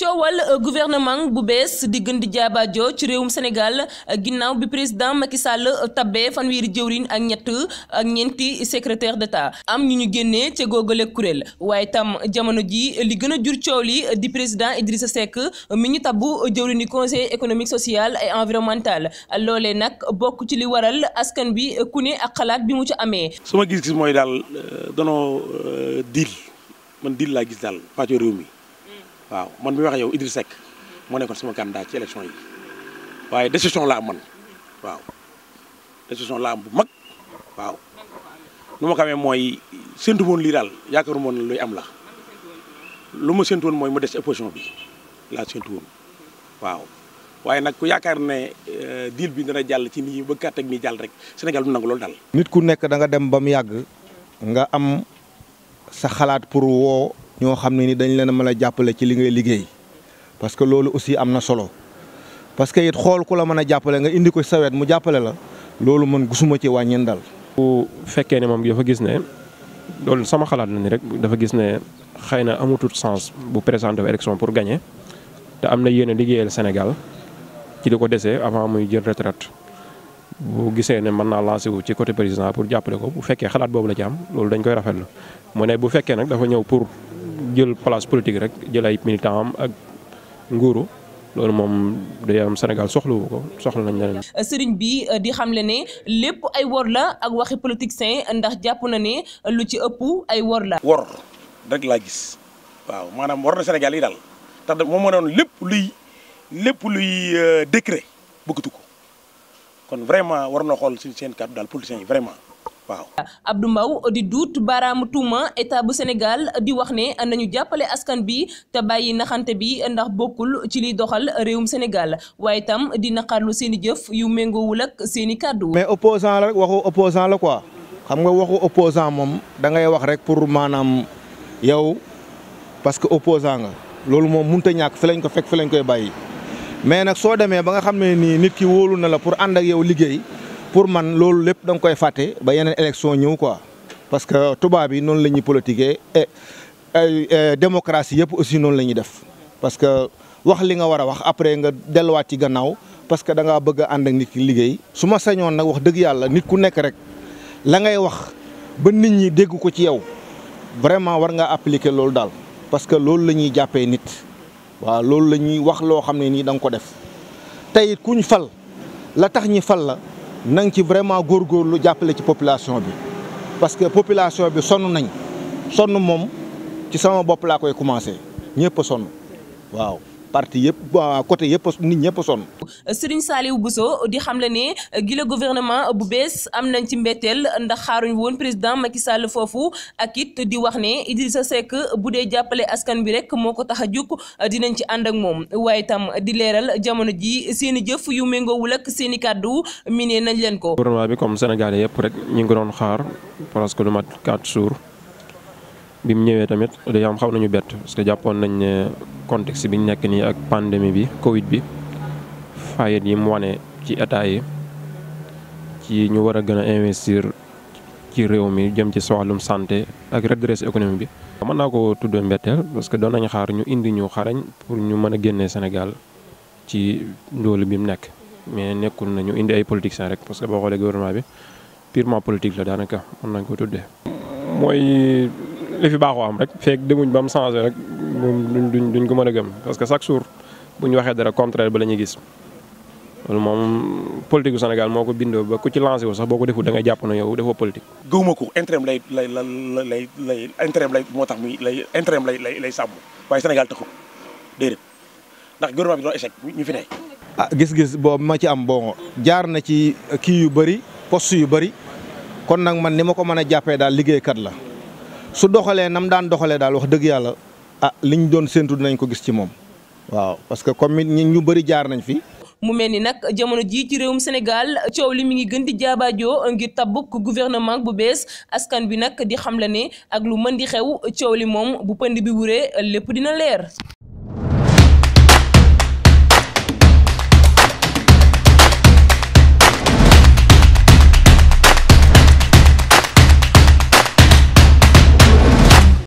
coowal euh, gouvernement bu bees di gën di jaabaajo ci réewum Sénégal euh, ginnaaw bi président Macky Sall euh, tabbee fanweeri jëwriñ ak ñett ak ñeenti secrétaire d'État am ñu ñu génnee ca googale kuréel waaye tam jamono ji li gën a jur coow li di président Idrissa Seck mi ñu tabbu jëwriñu conseil économique social et environnemental loole nag bokk ci li waral askan bi ku ne ak xalaat bi mu ci amee. sama gis-gis mooy daal danoo diil man diil laa gis daal pàccoo réew waaw man mi wax yow Idriss Seck moo nekkoon sama candidat ci élection yi waaye décision laa am man waaw décision la am bu mag waaw nu ma xamee mooy séntu woon lii daal yaakaaru woon luy am la lu ma séntu woon mooy ma des ci bi laa séntu woon waaw waaye nag ku yaakaar ne euh, deal bi dana jàll ci nii ba kàtt ak nii jàll rek Sénégal du nangu loolu daal. nit ku nekk danga dem ba mu yàgg nga am sa xalaat pour woo. ñoo xam ne ni dañ leen a mën a jàppale ci li ngay liggéey parce que loolu aussi am na solo parce que it xool ku la mën a jàppale nga indi ko saweet mu jàppale la loolu man gisuma ci wàññeen dal bu fekkee ne moom dafa gis ne loolu sama xalaat la ni rek dafa gis ne xëy na amatul sens bu présenté wu élection pour gagner te am na yéen a liggéeyal Sénégal ci ko desee avant muy jël retraite bu gisee ne mën naa lancé wu ci côté président pour jàppale ko bu fekkee boobu la ci am loolu dañ koy rafetlu mu ne bu fekkee nag dafa ñëw pour. jël place politique rek jël ay militant am ak nguuru loolu moom day am Sénégal soxlawu ko soxla nañ leneen. sëriñ bi euh, di xamle ne lépp ay wor la ak waxi politicien ndax jàpp na ne lu ci ëpp ay wor la. wor rek laa gis waaw maanaam war na Sénégal yi daal tax moom moo doon lépp luy lépp luy euh, décret bëggatu ko kon vraiment war na xool si seen kàddu daal politiciens yi vraiment. waaw. du Mbow di duut baaraamu tuuma état bu Sénégal di wax ne nañu jàppale askan bi te bàyyi naxante bi ndax bokkul ci liy doxal réewum Sénégal waaye tam di naqarlu seen i jëf yu méngoowul ak seeni kàddu. mais opposant la rek waxu la quoi xam nga waxu opposant moom da ngay wax rek pour maanaam yow parce que opposant nga loolu moom mënut a ñàkk fi lañ ko fekk fi lañ koy bàyyi mais nag soo demee ba nga xam ne nii nit ki wóolu na la pour ànd ak yow liggéey. pour man loolu lépp da koy fàtte ba yeneen élection ñëw quoi parce que tubaab yi noonu la ñuy politiquer et euh, yëpp aussi noonu la ñuy def parce que wax li nga war a wax après nga delluwaat ci gannaaw parce que da ngaa bëgg a ànd ak nit ki liggéey. su ma sañoon nag wax dëgg yàlla nit ku nekk rek la ngay wax ba nit ñi dégg ko ci yow vraiment war ngaa appliquer loolu daal parce que loolu la ñuy jàppee nit waaw loolu la ñuy wax loo xam ne nii da nga ko def tey it ku fal la tax ñi fal la. na nga ci vraiment góor góorgóorlu jàppale ci population bi parce que population bi sonn nañ sonn moom ci sama bopp laa koy commencé ñëpp a sonn waaw. parti yëpp côté yëpp nit ñëpp sonn. Serigne bu so di xam la ne gile gouvernement bu bees am nañ ci mbetteel ndax xaaruñ woon président Macky Sall foofu ak it di wax ne sa Seck bu dee jàppale askan bi rek moo ko tax a jug dinañ ci ànd ak moom waaye tam di leeral jamono ji seen i jëf yu méngoowul ak seeni kàddu mi ne nañ leen ko. gouvernement bi comme Sénégalais yëpp rek ñu ngi doon xaar presque lu mat 4 jours. bi mu ñëwee tamit dèjà xaw nañu bett parce jàppoon nañ ne contexte bi ñu nekk nii ak pandémie bi Covid bi faayit yi mu wane ci état yi ci ñu war a gën a investir ci réew mi jëm ci soxlum santé ak redresse économique bi. mën naa ko tuddee mbetteel parce que doon nañu xaar ñu indi ñu xarañ pour ñu mën a génnee Sénégal ci ndóolu bi mu nekk mais nekkul nañu indi ay politiciens rek parce que boo xoolee gouvernement bi purement politique la daanaka mën nañ ko tuddee. li fi am rek feek demuñ ba mu changé rek moom duñ duñ ko mën a gëm parce que chaque jour bu ñu waxee dara contraire ba la ñuy gis. loolu moom politique gu Sénégal moo ko bindoo ba ku ci lancé wu sax boo ko deful da ngay jàpp na yow defoo politique. gëwuma ko intérêt lay lay lay lay intérêt lay moo tax muy lay intérêt lay lay lay sàmm waaye Sénégal taxul déedéet ndax gouvernement bi doon ñu fi ne. ah gis-gis boobu ma ci am bon jaar na ci kii yu bëri poste yu bëri kon nag man ni ma ko mën a jàppee daal liggéey kat la. su doxalee nam daan doxalee daal wax dëgg yàlla ah ñu doon séntu dinañ ko gis ci moom waaw parce que comme ñi ñu bëri jaar nañ fi. mu mel ni nag jamono jii ci réewum Sénégal coow li mi ngi gën di jaabaajoo ngir tabbuk gouvernement bu bees askan bi nag di xam xamle ne ak lu mën di xew coow li moom bu pënd bi wuree lépp dina leer.